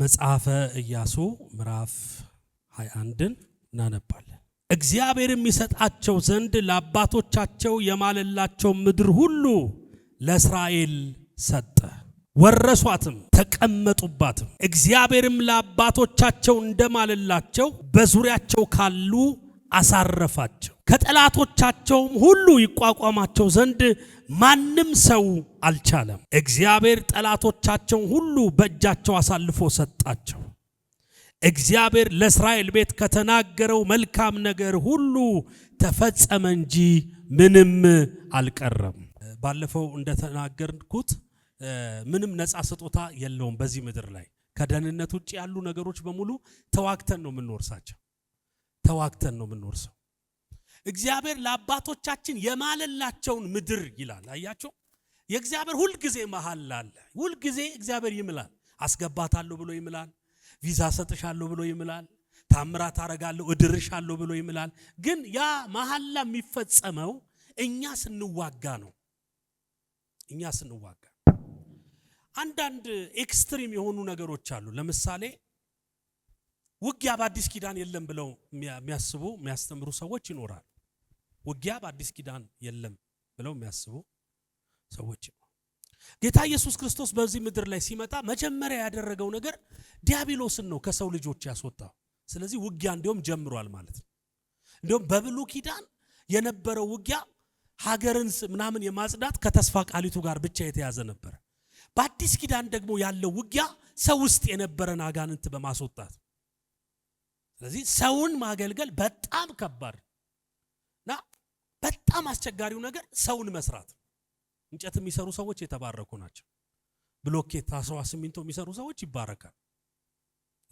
መጽሐፈ ኢያሱ ምዕራፍ 21ን እናነባለን። እግዚአብሔር የሚሰጣቸው ዘንድ ለአባቶቻቸው የማለላቸው ምድር ሁሉ ለእስራኤል ሰጠ፣ ወረሷትም፣ ተቀመጡባትም። እግዚአብሔርም ለአባቶቻቸው እንደማለላቸው በዙሪያቸው ካሉ አሳረፋቸው። ከጠላቶቻቸውም ሁሉ ይቋቋማቸው ዘንድ ማንም ሰው አልቻለም። እግዚአብሔር ጠላቶቻቸውን ሁሉ በእጃቸው አሳልፎ ሰጣቸው። እግዚአብሔር ለእስራኤል ቤት ከተናገረው መልካም ነገር ሁሉ ተፈጸመ እንጂ ምንም አልቀረም። ባለፈው እንደተናገርኩት ምንም ነፃ ስጦታ የለውም። በዚህ ምድር ላይ ከደህንነት ውጭ ያሉ ነገሮች በሙሉ ተዋግተን ነው የምንወርሳቸው። ተዋግተን ነው የምንወርሰው። እግዚአብሔር ለአባቶቻችን የማለላቸውን ምድር ይላል። አያቸው የእግዚአብሔር ሁልጊዜ መሀል አለ። ሁልጊዜ እግዚአብሔር ይምላል። አስገባታለሁ ብሎ ይምላል። ቪዛ ሰጥሻለሁ ብሎ ይምላል። ታምራት አረጋለሁ እድርሻለሁ ብሎ ይምላል። ግን ያ መሐላ የሚፈጸመው እኛ ስንዋጋ ነው። እኛ ስንዋጋ አንዳንድ ኤክስትሪም የሆኑ ነገሮች አሉ። ለምሳሌ ውጊያ በአዲስ ኪዳን የለም ብለው የሚያስቡ የሚያስተምሩ ሰዎች ይኖራሉ። ውጊያ በአዲስ ኪዳን የለም ብለው የሚያስቡ ሰዎች ጌታ ኢየሱስ ክርስቶስ በዚህ ምድር ላይ ሲመጣ መጀመሪያ ያደረገው ነገር ዲያብሎስን ነው ከሰው ልጆች ያስወጣው። ስለዚህ ውጊያ እንዲሁም ጀምሯል ማለት ነው። እንዲሁም በብሉ ኪዳን የነበረው ውጊያ ሀገርን ምናምን የማጽዳት ከተስፋ ቃሊቱ ጋር ብቻ የተያዘ ነበረ። በአዲስ ኪዳን ደግሞ ያለው ውጊያ ሰው ውስጥ የነበረን አጋንንት በማስወጣት ስለዚህ ሰውን ማገልገል በጣም ከባድ በጣም አስቸጋሪው ነገር ሰውን መስራት። እንጨት የሚሰሩ ሰዎች የተባረኩ ናቸው። ብሎኬት፣ አስዋ፣ ሲሚንቶ የሚሰሩ ሰዎች ይባረካል፣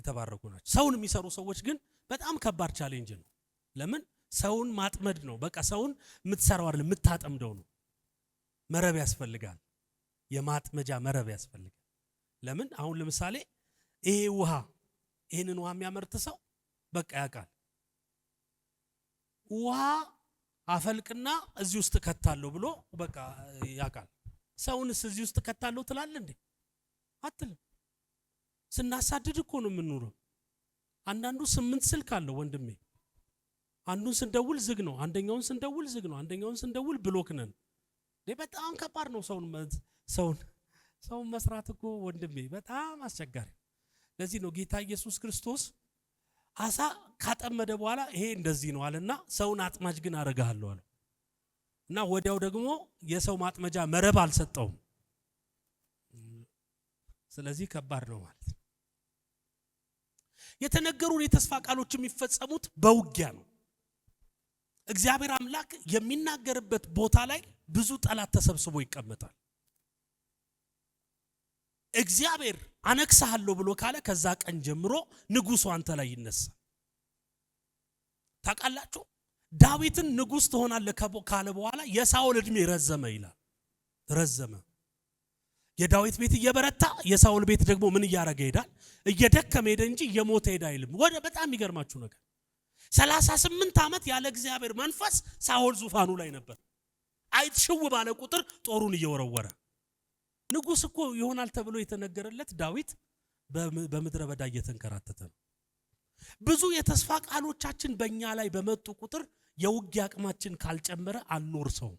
የተባረኩ ናቸው። ሰውን የሚሰሩ ሰዎች ግን በጣም ከባድ ቻሌንጅ ነው። ለምን ሰውን ማጥመድ ነው። በቃ ሰውን የምትሰራው አይደለም የምታጠምደው ነው። መረብ ያስፈልጋል፣ የማጥመጃ መረብ ያስፈልጋል። ለምን አሁን ለምሳሌ ይሄ ውሃ ይህንን ውሃ የሚያመርት ሰው በቃ ያውቃል ውሃ አፈልቅና እዚህ ውስጥ ከታለው ብሎ በቃ ያውቃል። ሰውንስ እዚህ ውስጥ ከታለው ትላል እንዴ? አትልም። ስናሳድድ እኮ ነው የምንኖረው። አንዳንዱ ስምንት ስልክ አለው ወንድሜ። አንዱን ስንደውል ዝግ ነው፣ አንደኛውን ስንደውል ዝግ ነው፣ አንደኛውን ስንደውል ብሎክ ነን። በጣም ከባድ ነው ሰውን ሰውን ሰውን መስራት እኮ ወንድሜ፣ በጣም አስቸጋሪ። ለዚህ ነው ጌታ ኢየሱስ ክርስቶስ አሳ ካጠመደ በኋላ ይሄ እንደዚህ ነው አለና ሰውን አጥማጅ ግን አረጋለሁ አለ እና ወዲያው ደግሞ የሰው ማጥመጃ መረብ አልሰጠውም። ስለዚህ ከባድ ነው ማለት ነው። የተነገሩን የተስፋ ቃሎች የሚፈጸሙት በውጊያ ነው። እግዚአብሔር አምላክ የሚናገርበት ቦታ ላይ ብዙ ጠላት ተሰብስቦ ይቀመጣል። እግዚአብሔር አነግስሃለሁ ብሎ ካለ ከዛ ቀን ጀምሮ ንጉሱ አንተ ላይ ይነሳ። ታውቃላችሁ ዳዊትን ንጉስ ትሆናለህ ካለ በኋላ የሳኦል እድሜ ረዘመ ይላል። ረዘመ። የዳዊት ቤት እየበረታ የሳኦል ቤት ደግሞ ምን እያረገ ሄዳል? እየደከመ ሄደ እንጂ እየሞተ ሄደ አይልም። ወደ በጣም የሚገርማችሁ ነገር 38 ዓመት ያለ እግዚአብሔር መንፈስ ሳኦል ዙፋኑ ላይ ነበር። አይት ሽው ባለ ቁጥር ጦሩን እየወረወረ ንጉስ እኮ ይሆናል ተብሎ የተነገረለት ዳዊት በምድረ በዳ እየተንከራተተ ነው። ብዙ የተስፋ ቃሎቻችን በእኛ ላይ በመጡ ቁጥር የውጊ አቅማችን ካልጨመረ አልኖርሰውም።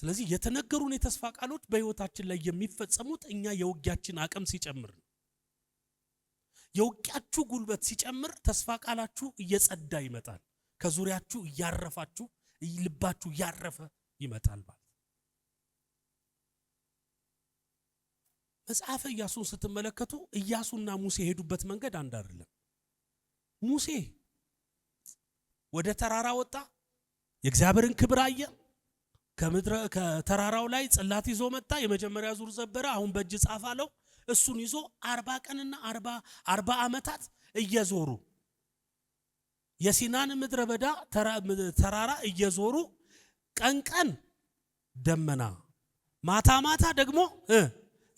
ስለዚህ የተነገሩን የተስፋ ቃሎች በሕይወታችን ላይ የሚፈጸሙት እኛ የውጊያችን አቅም ሲጨምር ነው። የውጊያችሁ ጉልበት ሲጨምር ተስፋ ቃላችሁ እየጸዳ ይመጣል። ከዙሪያችሁ እያረፋችሁ ልባችሁ እያረፈ ይመጣል። መጽሐፈ ኢያሱን ስትመለከቱ ኢያሱና ሙሴ የሄዱበት መንገድ አንድ አይደለም። ሙሴ ወደ ተራራ ወጣ፣ የእግዚአብሔርን ክብር አየ። ከተራራው ላይ ጽላት ይዞ መጣ። የመጀመሪያ ዙር ዘበረ፣ አሁን በእጅ ጻፍ አለው። እሱን ይዞ አርባ ቀንና አርባ ዓመታት እየዞሩ የሲናን ምድረ በዳ ተራራ እየዞሩ ቀን ቀን ደመና ማታ ማታ ደግሞ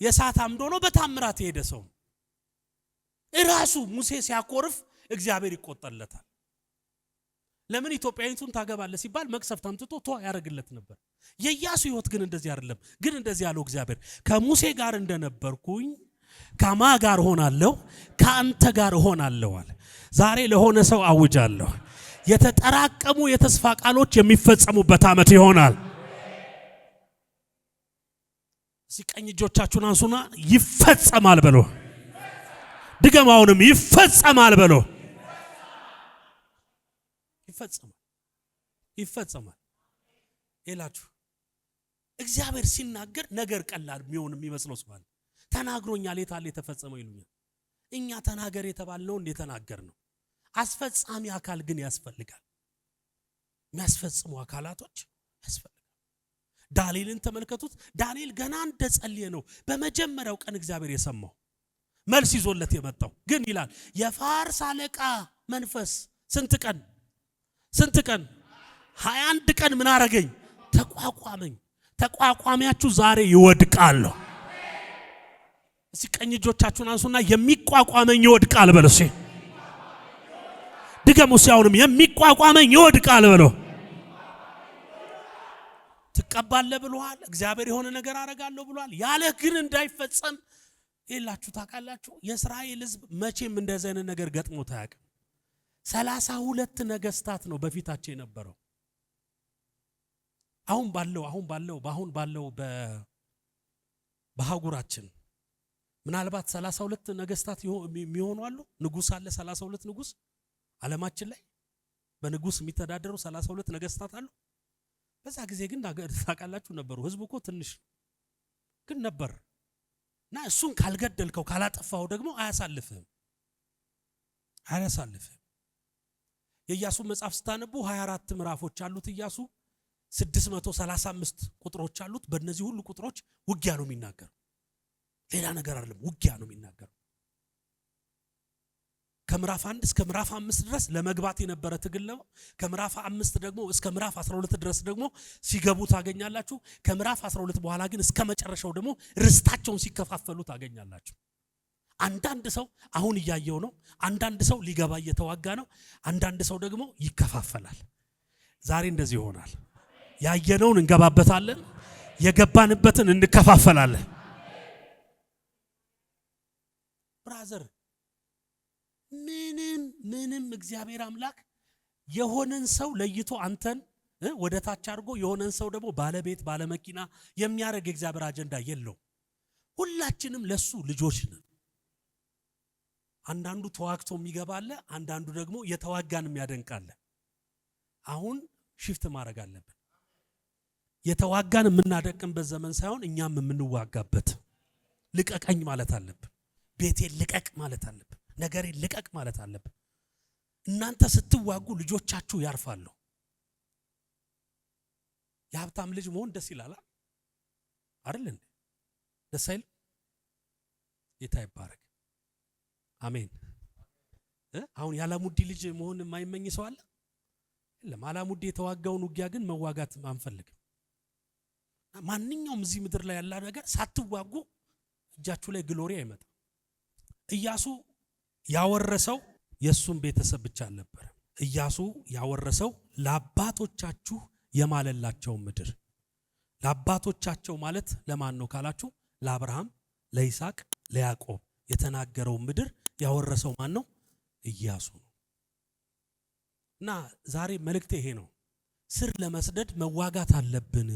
የእሳት አምድ ሆኖ በታምራት የሄደ ሰው እራሱ ሙሴ ሲያኮርፍ እግዚአብሔር ይቆጠለታል። ለምን ኢትዮጵያዊቱን ታገባለ ሲባል መቅሰፍት አምጥቶ ቶ ያደርግለት ነበር። የኢያሱ ህይወት ግን እንደዚህ አይደለም። ግን እንደዚህ ያለው እግዚአብሔር ከሙሴ ጋር እንደነበርኩኝ ከማ ጋር እሆናለሁ ከአንተ ጋር እሆናለሁ አለ። ዛሬ ለሆነ ሰው አውጃለሁ፣ የተጠራቀሙ የተስፋ ቃሎች የሚፈጸሙበት ዓመት ይሆናል። ሲቀኝ ቀኝ እጆቻችሁን አንሱና ይፈጸማል በሎ። ድገም። አሁንም ይፈጸማል በሎ። ይፈጸማል፣ ይፈጸማል ይላችሁ። እግዚአብሔር ሲናገር ነገር ቀላል የሚሆን የሚመስለው ሰው ተናግሮኛል፣ የታለ የተፈጸመው ይሉኛል። እኛ ተናገር የተባለውን የተናገር ነው። አስፈጻሚ አካል ግን ያስፈልጋል። የሚያስፈጽሙ አካላቶች ያስፈልጋል። ዳንኤልን ተመልከቱት። ዳንኤል ገና እንደ ጸልየ ነው በመጀመሪያው ቀን እግዚአብሔር የሰማው መልስ ይዞለት የመጣው ግን ይላል የፋርስ አለቃ መንፈስ ስንት ቀን ስንት ቀን ሀያ አንድ ቀን ምን አረገኝ ተቋቋመኝ። ተቋቋሚያችሁ ዛሬ ይወድቃለሁ። እስቲ ቀኝ እጆቻችሁን አንሱና የሚቋቋመኝ ይወድቃል በለው። ድገሙ። ሲያውንም የሚቋቋመኝ ይወድቃል በለው። ትቀባለህ ብሏል። እግዚአብሔር የሆነ ነገር አረጋለሁ ብሏል። ያለ ግን እንዳይፈጸም የላችሁ ታውቃላችሁ። የእስራኤል ሕዝብ መቼም እንደዚህ አይነት ነገር ገጥሞ ታያቅም። ሰላሳ ሁለት ነገስታት ነው በፊታቸው የነበረው። አሁን ባለው አሁን ባለው በአሁን ባለው በአህጉራችን ምናልባት ሰላሳ ሁለት ነገስታት የሚሆኑ አሉ። ንጉስ አለ፣ ሰላሳ ሁለት ንጉስ አለማችን ላይ በንጉስ የሚተዳደሩ ሰላሳ ሁለት ነገስታት አሉ። በዛ ጊዜ ግን ታውቃላችሁ ነበሩ። ህዝቡ እኮ ትንሽ ግን ነበር እና እሱን ካልገደልከው ካላጠፋው ደግሞ አያሳልፍህም አያሳልፍህም። የእያሱ መጽሐፍ ስታነቡ 24 ምዕራፎች አሉት ኢያሱ 635 ቁጥሮች አሉት። በእነዚህ ሁሉ ቁጥሮች ውጊያ ነው የሚናገረው፣ ሌላ ነገር አይደለም። ውጊያ ነው የሚናገረው። ከምዕራፍ አንድ እስከ ምዕራፍ አምስት ድረስ ለመግባት የነበረ ትግል ነው። ከምዕራፍ አምስት ደግሞ እስከ ምዕራፍ ሁለት ድረስ ደግሞ ሲገቡ ታገኛላችሁ። ከምዕራፍ ሁለት በኋላ ግን እስከ መጨረሻው ደግሞ ርስታቸውን ሲከፋፈሉ ታገኛላችሁ። አንዳንድ ሰው አሁን እያየው ነው። አንዳንድ ሰው ሊገባ እየተዋጋ ነው። አንዳንድ ሰው ደግሞ ይከፋፈላል። ዛሬ እንደዚህ ይሆናል። ያየነውን እንገባበታለን፣ የገባንበትን እንከፋፈላለን። ብራዘር ምንም ምንም እግዚአብሔር አምላክ የሆነን ሰው ለይቶ አንተን ወደ ታች አድርጎ የሆነን ሰው ደግሞ ባለቤት ባለመኪና የሚያደርግ የእግዚአብሔር አጀንዳ የለውም። ሁላችንም ለሱ ልጆች ነን። አንዳንዱ ተዋግቶ የሚገባለ፣ አንዳንዱ ደግሞ የተዋጋን የሚያደንቃለ። አሁን ሽፍት ማድረግ አለብን። የተዋጋን የምናደቅምበት ዘመን ሳይሆን እኛም የምንዋጋበት ልቀቀኝ ማለት አለብን። ቤቴን ልቀቅ ማለት አለብን። ነገሬን ልቀቅ ማለት አለብን። እናንተ ስትዋጉ ልጆቻችሁ ያርፋሉ። የሀብታም ልጅ መሆን ደስ ይላል አይደል? እንዴ ደስ አይል? ጌታ ይባረክ። አሜን። አሁን የአላሙዲ ልጅ መሆን የማይመኝ ሰው አለ? የለም። አላሙዲ የተዋጋውን ውጊያ ግን መዋጋት አንፈልግም። ማንኛውም እዚህ ምድር ላይ ያለ ነገር ሳትዋጉ እጃችሁ ላይ ግሎሪ አይመጣም። ኢያሱ ያወረሰው የሱን ቤተሰብ ብቻ አልነበረም። እያሱ ያወረሰው ለአባቶቻችሁ የማለላቸው ምድር። ለአባቶቻቸው ማለት ለማን ነው ካላችሁ፣ ለአብርሃም፣ ለይስሐቅ፣ ለያዕቆብ የተናገረው ምድር ያወረሰው ማን ነው? እያሱ ነው። እና ዛሬ መልእክቴ ይሄ ነው። ስር ለመስደድ መዋጋት አለብን።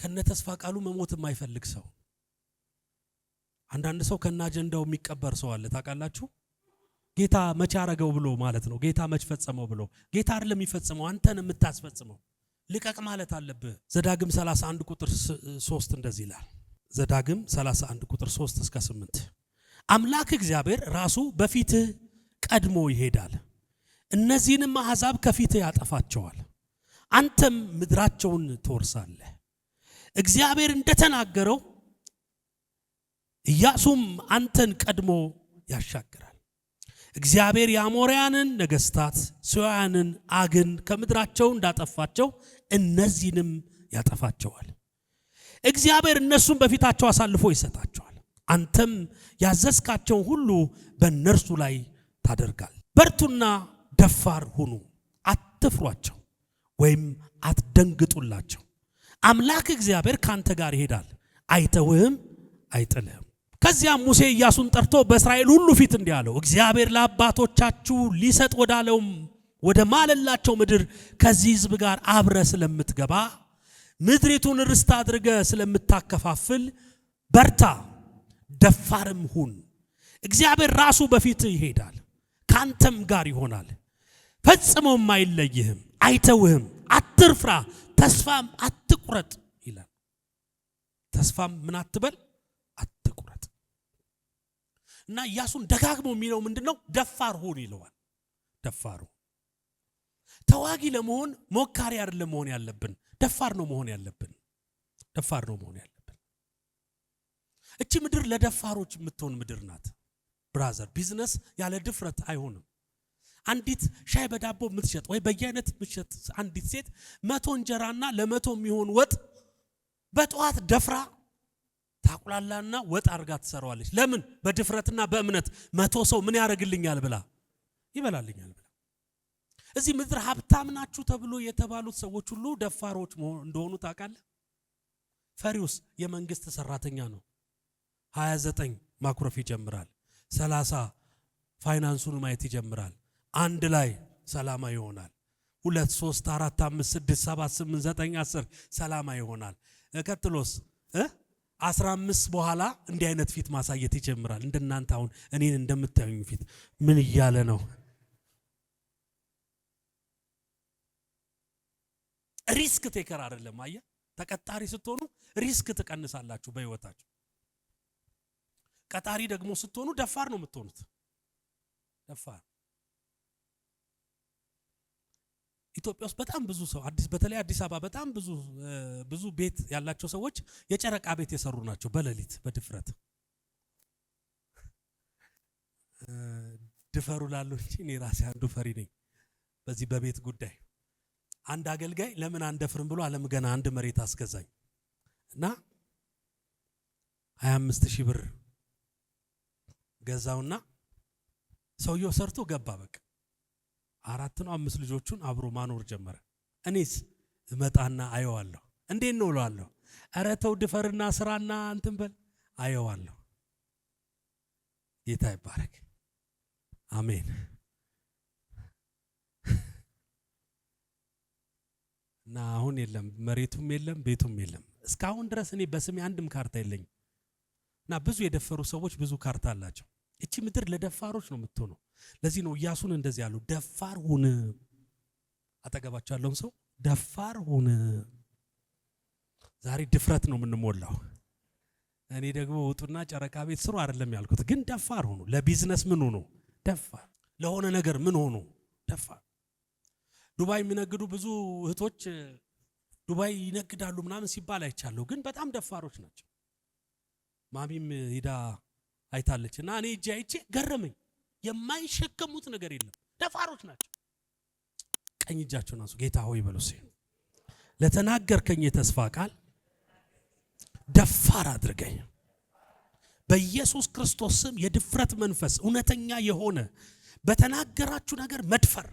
ከነ ተስፋ ቃሉ መሞት የማይፈልግ ሰው አንዳንድ ሰው ከነ አጀንዳው የሚቀበር ሰው አለ ታውቃላችሁ። ጌታ መች አረገው ብሎ ማለት ነው። ጌታ መች ፈጸመው ብሎ ጌታ አይደለም የሚፈጽመው፣ አንተን የምታስፈጽመው ልቀቅ ማለት አለብህ። ዘዳግም 31 ቁጥር 3 እንደዚህ ይላል። ዘዳግም 31 ቁጥር 3 እስከ 8 አምላክ እግዚአብሔር ራሱ በፊትህ ቀድሞ ይሄዳል፣ እነዚህንም አሕዛብ ከፊትህ ያጠፋቸዋል፣ አንተም ምድራቸውን ትወርሳለህ። እግዚአብሔር እንደተናገረው ኢያሱም አንተን ቀድሞ ያሻግራል። እግዚአብሔር የአሞርያንን ነገስታት ሰውያንን አግን ከምድራቸው እንዳጠፋቸው እነዚህንም ያጠፋቸዋል። እግዚአብሔር እነሱን በፊታቸው አሳልፎ ይሰጣቸዋል። አንተም ያዘዝካቸውን ሁሉ በእነርሱ ላይ ታደርጋል። በርቱና ደፋር ሁኑ፣ አትፍሯቸው ወይም አትደንግጡላቸው። አምላክ እግዚአብሔር ከአንተ ጋር ይሄዳል፣ አይተውህም፣ አይጥልህም። ከዚያም ሙሴ ኢያሱን ጠርቶ በእስራኤል ሁሉ ፊት እንዲህ አለው፣ እግዚአብሔር ለአባቶቻችሁ ሊሰጥ ወዳለውም ወደ ማለላቸው ምድር ከዚህ ሕዝብ ጋር አብረ ስለምትገባ ምድሪቱን ርስት አድርገ ስለምታከፋፍል በርታ፣ ደፋርም ሁን። እግዚአብሔር ራሱ በፊት ይሄዳል፣ ካንተም ጋር ይሆናል፣ ፈጽሞም አይለይህም፣ አይተውህም። አትርፍራ፣ ተስፋም አትቁረጥ ይላል። ተስፋም ምን አትበል እና ኢያሱን ደጋግሞ የሚለው ምንድን ነው? ደፋር ሁን ይለዋል። ደፋሩ ተዋጊ ለመሆን ሞካሪ አይደለም መሆን ያለብን፣ ደፋር ነው መሆን ያለብን። ደፋር ነው መሆን ያለብን። እቺ ምድር ለደፋሮች የምትሆን ምድር ናት። ብራዘር ቢዝነስ ያለ ድፍረት አይሆንም። አንዲት ሻይ በዳቦ የምትሸጥ ወይ በየአይነት የምትሸጥ አንዲት ሴት መቶ እንጀራና ለመቶ የሚሆን ወጥ በጠዋት ደፍራ ታቁላላና ወጥ አድርጋ ትሰራዋለች። ለምን? በድፍረትና በእምነት መቶ ሰው ምን ያደርግልኛል ብላ ይበላልኛል ብላ። እዚህ ምድር ሀብታም ናችሁ ተብሎ የተባሉት ሰዎች ሁሉ ደፋሮች እንደሆኑ ታውቃለህ። ፈሪውስ የመንግስት ሰራተኛ ነው። 29 ማኩረፍ ይጀምራል። 30 ፋይናንሱን ማየት ይጀምራል። አንድ ላይ ሰላማ ይሆናል። ሁለት ሶስት አራት አምስት ስድስት ሰባት ስምንት ዘጠኝ አስር ሰላማ ይሆናል። ቀጥሎስ አስራ በኋላ እንዲህ አይነት ፊት ማሳየት ይጀምራል። እንደናንተ አሁን እኔን እንደምታዩኝ ፊት ምን እያለ ነው? ሪስክ ቴከር አይደለም። አየ ተቀጣሪ ስትሆኑ ሪስክ ትቀንሳላችሁ በህይወታችሁ። ቀጣሪ ደግሞ ስትሆኑ ደፋር ነው የምትሆኑት። ደፋር ኢትዮጵያ ውስጥ በጣም ብዙ ሰው አዲስ በተለይ አዲስ አበባ በጣም ብዙ ብዙ ቤት ያላቸው ሰዎች የጨረቃ ቤት የሰሩ ናቸው። በሌሊት በድፍረት ድፈሩ ላሉ እንጂ እኔ ራሴ አንዱ ፈሪ ነኝ። በዚህ በቤት ጉዳይ አንድ አገልጋይ ለምን አንደፍርም ብሎ አለም ገና አንድ መሬት አስገዛኝ እና 25 ሺህ ብር ገዛውና ሰውየው ሰርቶ ገባ በቃ አራት ነው አምስት ልጆቹን አብሮ ማኖር ጀመረ። እኔስ እመጣና አየዋለሁ። እንዴት ነው እለዋለሁ። ኧረ ተው ድፈርና ስራና እንትን በል አየዋለሁ። ጌታ ይባረክ። አሜን። እና አሁን የለም መሬቱም የለም ቤቱም የለም። እስካሁን ድረስ እኔ በስሜ አንድም ካርታ የለኝም። እና ብዙ የደፈሩ ሰዎች ብዙ ካርታ አላቸው። እቺ ምድር ለደፋሮች ነው የምትሆነው። ለዚህ ነው እያሱን እንደዚህ ያለው፣ ደፋር ሁን። አጠገባቸው ያለውን ሰው ደፋር ሁን። ዛሬ ድፍረት ነው የምንሞላው። እኔ ደግሞ ውጡና ጨረቃ ቤት ስሩ አይደለም ያልኩት፣ ግን ደፋር ሆኖ ለቢዝነስ ምን ሆኑ? ደፋር ለሆነ ነገር ምን ሆኑ? ደፋር ዱባይ የሚነግዱ ብዙ እህቶች ዱባይ ይነግዳሉ ምናምን ሲባል አይቻለሁ፣ ግን በጣም ደፋሮች ናቸው። ማሚም ሂዳ አይታለች እና እኔ እጄ አይቼ ገረመኝ። የማይሸከሙት ነገር የለም። ደፋሮች ናቸው። ቀኝ እጃቸውን አንሱ፣ ጌታ ሆይ በሉ። ለተናገርከኝ የተስፋ ቃል ደፋር አድርገኝ በኢየሱስ ክርስቶስ ስም። የድፍረት መንፈስ እውነተኛ የሆነ በተናገራችሁ ነገር መድፈር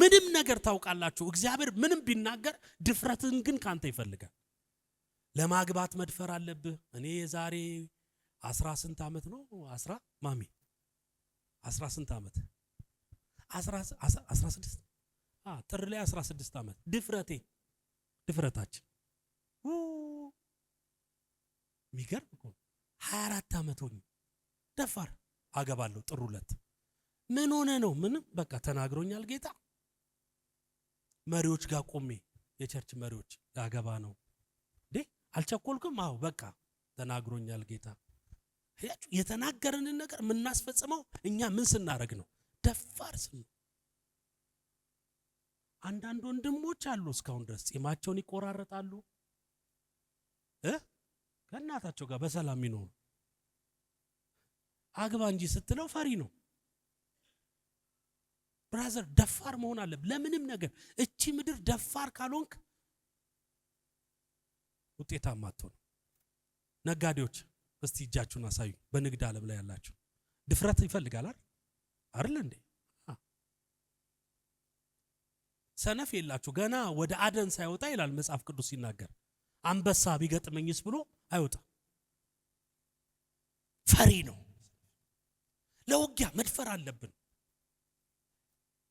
ምንም ነገር ታውቃላችሁ። እግዚአብሔር ምንም ቢናገር ድፍረትን ግን ካንተ ይፈልጋል። ለማግባት መድፈር አለብህ። እኔ የዛሬ አስራ ስንት ዓመት ነው አስራ ማሚ አስራ ስንት ዓመት አስራ ስድስት ጥር ላይ አስራ ስድስት ዓመት ድፍረቴ ድፍረታችን የሚገርም እኮ ሀያ አራት ዓመት ሆኝ ደፋር አገባለሁ ጥር ሁለት ምን ሆነ ነው ምንም በቃ ተናግሮኛል ጌታ መሪዎች ጋር ቆሜ የቸርች መሪዎች አገባ ነው እንዴ አልቸኮልኩም አዎ በቃ ተናግሮኛል ጌታ ያችሁ የተናገረንን ነገር የምናስፈጽመው እኛ ምን ስናደረግ ነው? ደፋር ስን አንዳንድ ወንድሞች አሉ እስካሁን ድረስ ጺማቸውን ይቆራረጣሉ እ ከእናታቸው ጋር በሰላም ይኖሩ አግባ እንጂ ስትለው ፈሪ ነው። ብራዘር ደፋር መሆን አለ ለምንም ነገር። እቺ ምድር ደፋር ካልሆንክ ውጤታማ አትሆንም። ነጋዴዎች እስቲ እጃችሁን አሳዩ። በንግድ ዓለም ላይ ያላችሁ ድፍረት ይፈልጋል አይደል አይደል እንዴ? ሰነፍ የላችሁ ገና ወደ አደን ሳይወጣ ይላል መጽሐፍ ቅዱስ ሲናገር አንበሳ ቢገጥመኝስ ብሎ አይወጣ ፈሪ ነው። ለውጊያ መድፈር አለብን።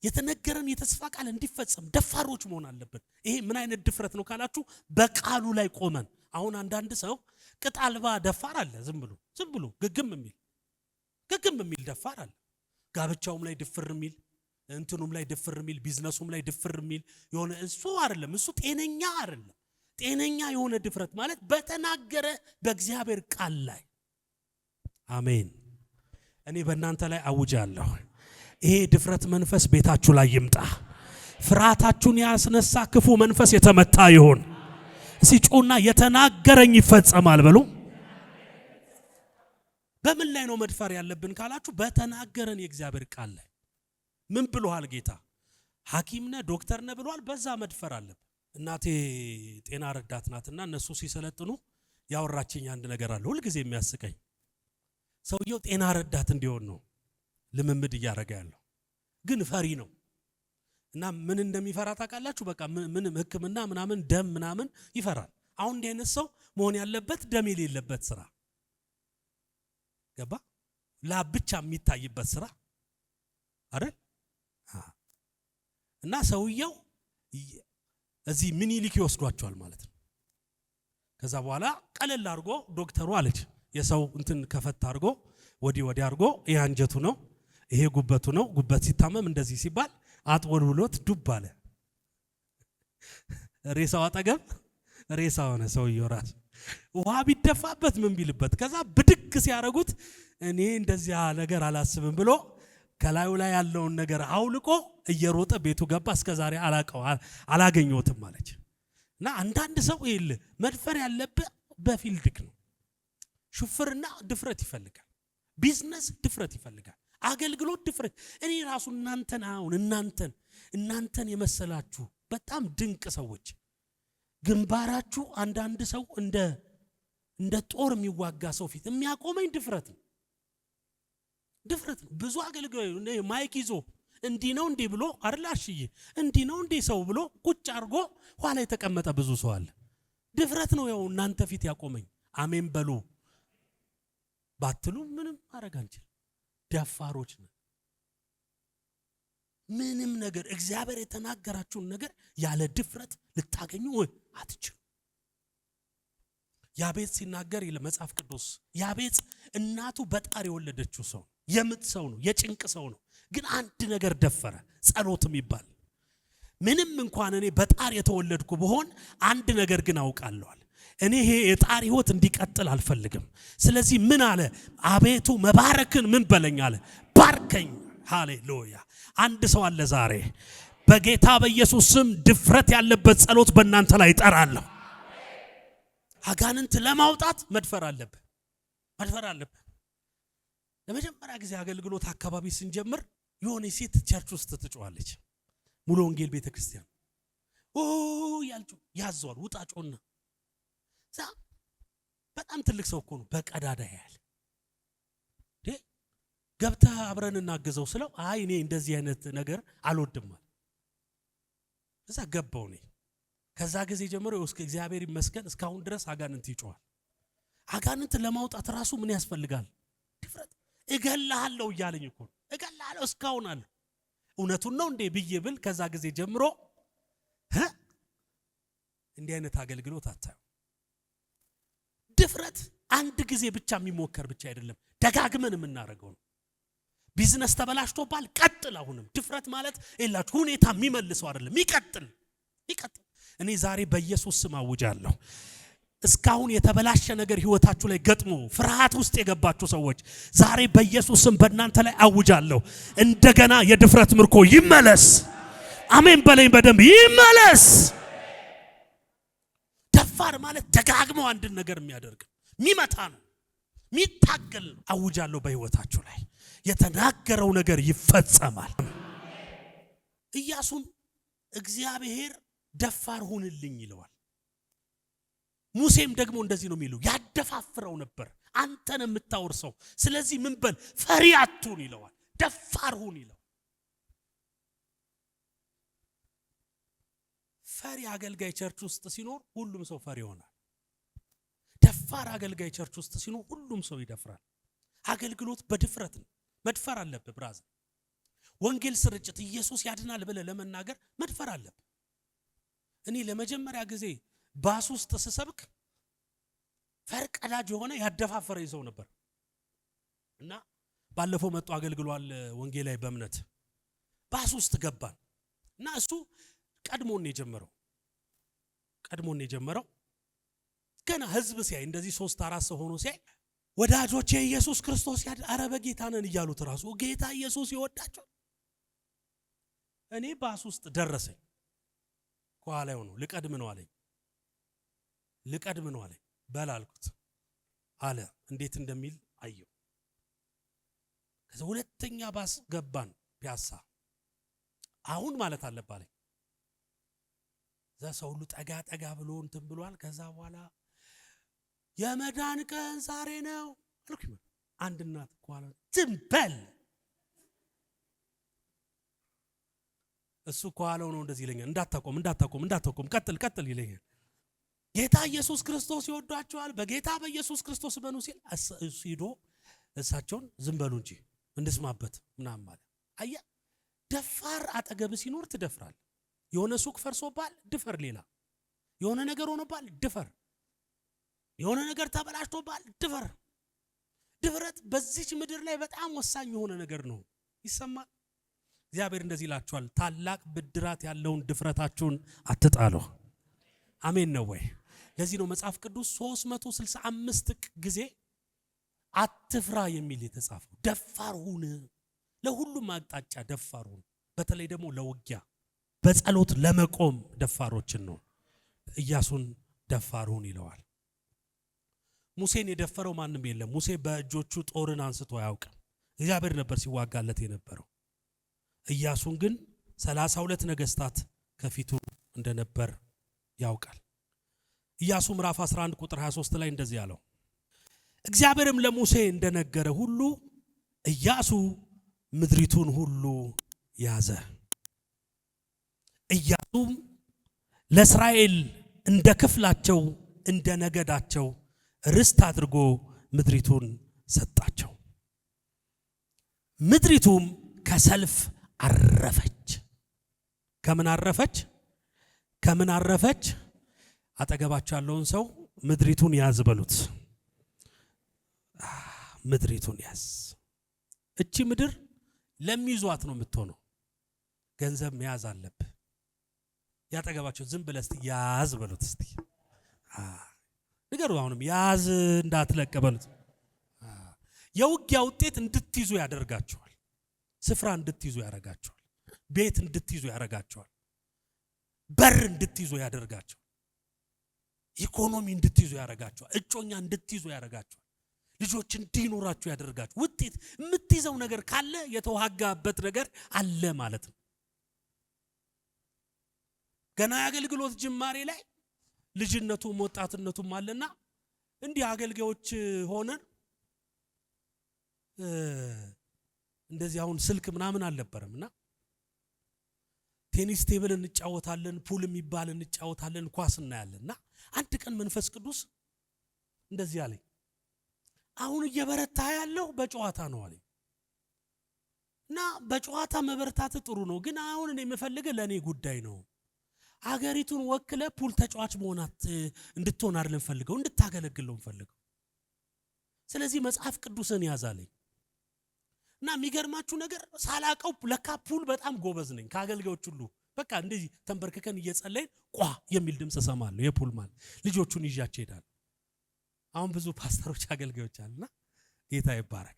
የተነገረን የተስፋ ቃል እንዲፈጸም ደፋሮች መሆን አለብን። ይሄ ምን አይነት ድፍረት ነው ካላችሁ፣ በቃሉ ላይ ቆመን አሁን አንዳንድ ሰው ቅጥ አልባ ደፋር አለ። ዝም ብሎ ዝም ብሎ ግግም የሚል ግግም የሚል ደፋር አለ። ጋብቻውም ላይ ድፍር የሚል እንትኑም ላይ ድፍር የሚል ቢዝነሱም ላይ ድፍር የሚል የሆነ እሱ አይደለም፣ እሱ ጤነኛ አይደለም። ጤነኛ የሆነ ድፍረት ማለት በተናገረ በእግዚአብሔር ቃል ላይ አሜን። እኔ በእናንተ ላይ አውጃለሁ። ይሄ ድፍረት መንፈስ ቤታችሁ ላይ ይምጣ። ፍርሃታችሁን ያስነሳ ክፉ መንፈስ የተመታ ይሁን። ሲጮና የተናገረኝ ይፈጸማል በሉ። በምን ላይ ነው መድፈር ያለብን ካላችሁ፣ በተናገረን የእግዚአብሔር ቃል ላይ ምን ብሎሃል ጌታ? ሐኪም ነ ዶክተር ነ ብሏል። በዛ መድፈር አለብን። እናቴ ጤና ረዳት ናትና እነሱ ሲሰለጥኑ ያወራችኝ አንድ ነገር አለ፣ ሁልጊዜ የሚያስቀኝ ሰውየው ጤና ረዳት እንዲሆን ነው ልምምድ እያደረገ ያለው ግን ፈሪ ነው። እና ምን እንደሚፈራ ታውቃላችሁ? በቃ ምን ህክምና ምናምን ደም ምናምን ይፈራል። አሁን እንዲህ አይነት ሰው መሆን ያለበት ደም የሌለበት ስራ ገባ ላብ ብቻ የሚታይበት ስራ አይደል? እና ሰውየው እዚህ ምኒልክ ይወስዷቸዋል ማለት ነው። ከዛ በኋላ ቀለል አድርጎ ዶክተሩ አለች የሰው እንትን ከፈት አድርጎ ወዲህ ወዲህ አድርጎ ይህ አንጀቱ ነው፣ ይሄ ጉበቱ ነው። ጉበት ሲታመም እንደዚህ ሲባል አጥወልውሎት ዱብ አለ። ሬሳው አጠገብ ሬሳ ሆነ ሰውየው ራሱ ውሃ ቢደፋበት ምን ቢልበት፣ ከዛ ብድግ ሲያደርጉት እኔ እንደዚያ ነገር አላስብም ብሎ ከላዩ ላይ ያለውን ነገር አውልቆ እየሮጠ ቤቱ ገባ። እስከዛሬ አላቀው አላገኘሁትም ማለች እና አንዳንድ ሰው ይል መድፈር ያለብህ በፊልድክ ነው። ሹፍርና ድፍረት ይፈልጋል። ቢዝነስ ድፍረት ይፈልጋል። አገልግሎት ድፍረት እኔ ራሱ እናንተን አሁን እናንተን እናንተን የመሰላችሁ በጣም ድንቅ ሰዎች ግንባራችሁ አንዳንድ ሰው እንደ እንደ ጦር የሚዋጋ ሰው ፊት የሚያቆመኝ ድፍረት ነው። ድፍረት ነው። ብዙ አገልግሎት ማይክ ይዞ እንዲህ ነው እንዲህ ብሎ አርላሽዬ እንዲህ ነው እንዲህ ሰው ብሎ ቁጭ አድርጎ ኋላ የተቀመጠ ብዙ ሰው አለ። ድፍረት ነው ያው እናንተ ፊት ያቆመኝ። አሜን በሉ ባትሉ ምንም ማድረግ አንችል ደፋሮች ነን። ምንም ነገር እግዚአብሔር የተናገራችሁን ነገር ያለ ድፍረት ልታገኙ አትችሉ። ያቤት ሲናገር ይለ መጽሐፍ ቅዱስ ያቤት እናቱ በጣር የወለደችው ሰው የምት ሰው ነው፣ የጭንቅ ሰው ነው። ግን አንድ ነገር ደፈረ፣ ጸሎት ይባል ምንም እንኳን እኔ በጣር የተወለድኩ ብሆን አንድ ነገር ግን አውቃለዋል እኔ ይሄ የጣር ህይወት እንዲቀጥል አልፈልግም። ስለዚህ ምን አለ? አቤቱ መባረክን ምን በለኝ አለ፣ ባርከኝ። ሃሌሉያ! አንድ ሰው አለ ዛሬ በጌታ በኢየሱስ ስም ድፍረት ያለበት ጸሎት በእናንተ ላይ ጠራለሁ አጋንንት ለማውጣት መድፈር አለብህ፣ መድፈር አለብህ። ለመጀመሪያ ጊዜ አገልግሎት አካባቢ ስንጀምር የሆነ ሴት ቸርች ውስጥ ትጮዋለች፣ ሙሉ ወንጌል ቤተ ክርስቲያን ያዟል፣ ውጣ ጮና እዛ በጣም ትልቅ ሰው እኮ ነው በቀዳዳ ያህል ገብተህ አብረን እናገዘው ስለው አይ እኔ እንደዚህ አይነት ነገር አልወድም እዛ ገባው እኔ ከዛ ጊዜ ጀምሮ እስከ እግዚአብሔር ይመስገን እስካሁን ድረስ አጋንንት ይጮዋል። አጋንንት ለማውጣት ራሱ ምን ያስፈልጋል? ድፍረት። እገላሃለሁ እያለኝ እኮ እገላለሁ እስካሁን አለ። እውነቱን ነው እንዴ ብዬ ብል ከዛ ጊዜ ጀምሮ እንዲህ አይነት አገልግሎት አታዩ ድፍረት አንድ ጊዜ ብቻ የሚሞከር ብቻ አይደለም፣ ደጋግመን የምናደርገው ነው። ቢዝነስ ተበላሽቶባል፣ ቀጥል። አሁንም ድፍረት ማለት የላችሁ ሁኔታ የሚመልሰው አይደለም፣ ይቀጥል፣ ይቀጥል። እኔ ዛሬ በኢየሱስ ስም አውጃለሁ። እስካሁን የተበላሸ ነገር ህይወታችሁ ላይ ገጥሞ ፍርሃት ውስጥ የገባችሁ ሰዎች ዛሬ በኢየሱስ ስም በእናንተ ላይ አውጃለሁ። እንደገና የድፍረት ምርኮ ይመለስ። አሜን በለኝ። በደንብ ይመለስ። ደፋር ማለት ደጋግሞ አንድን ነገር የሚያደርግ የሚመታ ነው፣ የሚታገል ነው። አውጃለሁ በህይወታችሁ ላይ የተናገረው ነገር ይፈጸማል። እያሱን እግዚአብሔር ደፋር ሁንልኝ ይለዋል። ሙሴም ደግሞ እንደዚህ ነው የሚለው ያደፋፍረው ነበር። አንተን የምታወርሰው ስለዚህ ምን በል ፈሪ አትሁን ይለዋል፣ ደፋር ሁን ይለዋል። ፈሪ አገልጋይ ቸርች ውስጥ ሲኖር ሁሉም ሰው ፈሪ ይሆናል። ደፋር አገልጋይ ቸርች ውስጥ ሲኖር ሁሉም ሰው ይደፍራል። አገልግሎት በድፍረት ነው። መድፈር አለብህ ብራዘር። ወንጌል ስርጭት ኢየሱስ ያድናል ብለህ ለመናገር መድፈር አለብህ። እኔ ለመጀመሪያ ጊዜ ባስ ውስጥ ስሰብክ ፈርቀዳጅ የሆነ ያደፋፈረኝ ሰው ነበር እና ባለፈው መጡ አገልግሏል ወንጌል ላይ በእምነት ባስ ውስጥ ገባን እና እሱ ቀድሞን የጀመረው ቀድሞን የጀመረው ገና ህዝብ ሲያይ እንደዚህ ሶስት አራት ሰው ሆኖ ሲያይ ወዳጆቼ ኢየሱስ ክርስቶስ ያድ አረበ ጌታ ነን እያሉት ራሱ ጌታ ኢየሱስ ይወዳቸው። እኔ ባስ ውስጥ ደረሰኝ። ከኋላ ሆኖ ልቀድም ነው አለኝ። ልቀድም ነው አለኝ። በላልኩት አለ። እንዴት እንደሚል አየው። ከዚ ሁለተኛ ባስ ገባን ፒያሳ። አሁን ማለት አለብህ እዛ ሰው ሁሉ ጠጋ ጠጋ ብሎ እንትን ብሏል። ከዛ በኋላ የመዳን ቀን ዛሬ ነው አልኩ። አንድ እናት ኋላ ዝም እሱ ከኋላው ነው እንደዚህ ይለኛል። እንዳታቆም እንዳታቆም እንዳታቆም ቀጥል ቀጥል ይለኛል። ጌታ ኢየሱስ ክርስቶስ ይወዷቸዋል። በጌታ በኢየሱስ ክርስቶስ በኑ ሲል ሂዶ እሳቸውን ዝም በሉ እንጂ እንስማበት ምናምን ማለት አያ ደፋር አጠገብ ሲኖር ትደፍራል። የሆነ ሱቅ ፈርሶባል፣ ድፈር። ሌላ የሆነ ነገር ሆኖባል፣ ድፈር። የሆነ ነገር ተበላሽቶባል፣ ድፈር። ድፍረት በዚች ምድር ላይ በጣም ወሳኝ የሆነ ነገር ነው። ይሰማል። እግዚአብሔር እንደዚህ ይላችኋል፣ ታላቅ ብድራት ያለውን ድፍረታችሁን አትጣሉ። አሜን ነው ወይ? ለዚህ ነው መጽሐፍ ቅዱስ 365 ጊዜ አትፍራ የሚል የተጻፈው። ደፋር ሁን፣ ለሁሉም አቅጣጫ ደፋር ሁን። በተለይ ደግሞ ለውጊያ በጸሎት ለመቆም ደፋሮችን ነው። ኢያሱን ደፋሩን ይለዋል። ሙሴን የደፈረው ማንም የለም። ሙሴ በእጆቹ ጦርን አንስቶ አያውቅም። እግዚአብሔር ነበር ሲዋጋለት የነበረው። ኢያሱን ግን ሰላሳ ሁለት ነገስታት ከፊቱ እንደነበር ያውቃል። ኢያሱ ምዕራፍ 11 ቁጥር 23 ላይ እንደዚህ አለው፣ እግዚአብሔርም ለሙሴ እንደነገረ ሁሉ ኢያሱ ምድሪቱን ሁሉ ያዘ። ኢያሱም ለእስራኤል እንደ ክፍላቸው እንደ ነገዳቸው ርስት አድርጎ ምድሪቱን ሰጣቸው። ምድሪቱም ከሰልፍ አረፈች። ከምን አረፈች? ከምን አረፈች? አጠገባቸው ያለውን ሰው ምድሪቱን ያዝ በሉት። ምድሪቱን ያዝ። እቺ ምድር ለሚይዟት ነው የምትሆነው። ገንዘብ መያዝ አለብህ። ያጠገባቸው ዝም ብለህ እስቲ ያዝ በሉት። እስቲ ንገሩ። አሁንም ያዝ እንዳትለቅ በሉት። የውጊያ ውጤት እንድትይዙ ያደርጋቸዋል። ስፍራ እንድትይዙ ያደርጋቸዋል። ቤት እንድትይዙ ያደርጋቸዋል። በር እንድትይዙ ያደርጋቸዋል። ኢኮኖሚ እንድትይዙ ያደርጋቸዋል። እጮኛ እንድትይዙ ያደርጋቸዋል። ልጆች እንዲኖራቸው ያደርጋቸው ውጤት የምትይዘው ነገር ካለ የተዋጋበት ነገር አለ ማለት ነው። ገና የአገልግሎት ጅማሬ ላይ ልጅነቱም ወጣትነቱም አለና እንዲህ አገልጋዮች ሆነን እንደዚህ አሁን ስልክ ምናምን አልነበረም እና ቴኒስ ቴብል እንጫወታለን፣ ፑል የሚባል እንጫወታለን፣ ኳስ እናያለን። እና አንድ ቀን መንፈስ ቅዱስ እንደዚህ አለኝ፣ አሁን እየበረታ ያለው በጨዋታ ነው አለኝ። እና በጨዋታ መበረታት ጥሩ ነው፣ ግን አሁን እኔ የምፈልገ ለእኔ ጉዳይ ነው አገሪቱን ወክለ ፑል ተጫዋች መሆናት እንድትሆን አይደለም ፈልገው እንድታገለግለው ነው ፈልገው። ስለዚህ መጽሐፍ ቅዱስን ያዛለኝ እና የሚገርማችሁ ነገር ሳላቀው ለካ ፑል በጣም ጎበዝ ነኝ። ከአገልጋዮች ሁሉ በቃ እንደዚህ ተንበርክከን እየጸለይን ቋ የሚል ድምፅ እሰማለሁ። የፑል ማለት ልጆቹን ይዣቸው ሄዳለሁ። አሁን ብዙ ፓስተሮች አገልጋዮች አሉና ጌታ ይባረክ።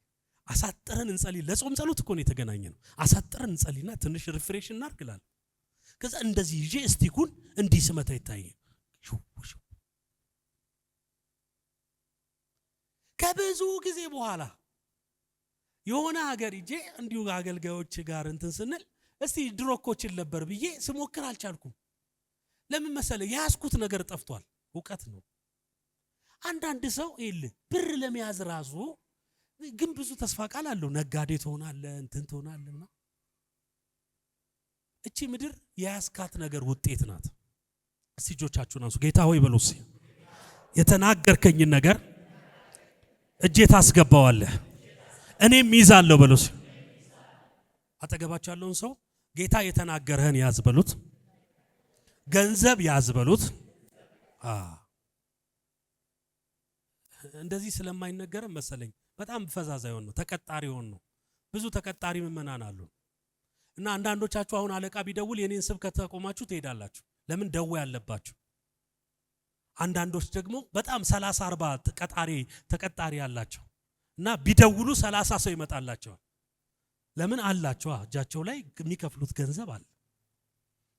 አሳጥረን እንጸልይ። ለጾም ጸሎት እኮ ነው የተገናኘ ነው። አሳጥረን እንጸልይና ትንሽ ሪፍሬሽ እናርግላለን። ከዛ እንደዚህ ይዤ እስቲኩን እንዲህ ስመታ ይታየ ከብዙ ጊዜ በኋላ የሆነ ሀገር ይጄ እንዲሁ አገልጋዮች ጋር እንትን ስንል እስቲ ድሮኮችን እኮ ነበር ብዬ ስሞክር አልቻልኩም። ለምን መሰለ የያዝኩት ነገር ጠፍቷል። እውቀት ነው። አንዳንድ ሰው ይል ብር ለመያዝ ራሱ ግን ብዙ ተስፋ ቃል አለው። ነጋዴ ትሆናለ፣ እንትን ትሆናለና እቺ ምድር የያዝካት ነገር ውጤት ናት። እስቲ እጆቻችሁን አንሱ። ጌታ ሆይ በሉ የተናገርከኝን ነገር እጄ ታስገባዋለህ፣ እኔም ይዛለሁ በሉ እስቲ። አጠገባችሁ ያለውን ሰው ጌታ የተናገረህን ያዝ በሉት፣ ገንዘብ ያዝ በሉት። እንደዚህ ስለማይነገርም መሰለኝ በጣም ፈዛዛ የሆን ነው፣ ተቀጣሪ የሆን ነው። ብዙ ተቀጣሪ ምእመናን አሉ። እና አንዳንዶቻችሁ አሁን አለቃ ቢደውል የኔን ስብከት ከተቆማችሁ ትሄዳላችሁ። ለምን ደዌ ያለባችሁ። አንዳንዶች ደግሞ በጣም ሰላሳ አርባ ቀጣሪ ተቀጣሪ አላቸው። እና ቢደውሉ ሰላሳ ሰው ይመጣላቸዋል። ለምን አላቸው እጃቸው ላይ የሚከፍሉት ገንዘብ አለ።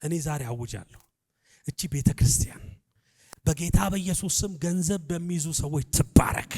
እኔ ዛሬ አውጃለሁ እቺ ቤተ ክርስቲያን በጌታ በኢየሱስ ስም ገንዘብ በሚይዙ ሰዎች ትባረክ።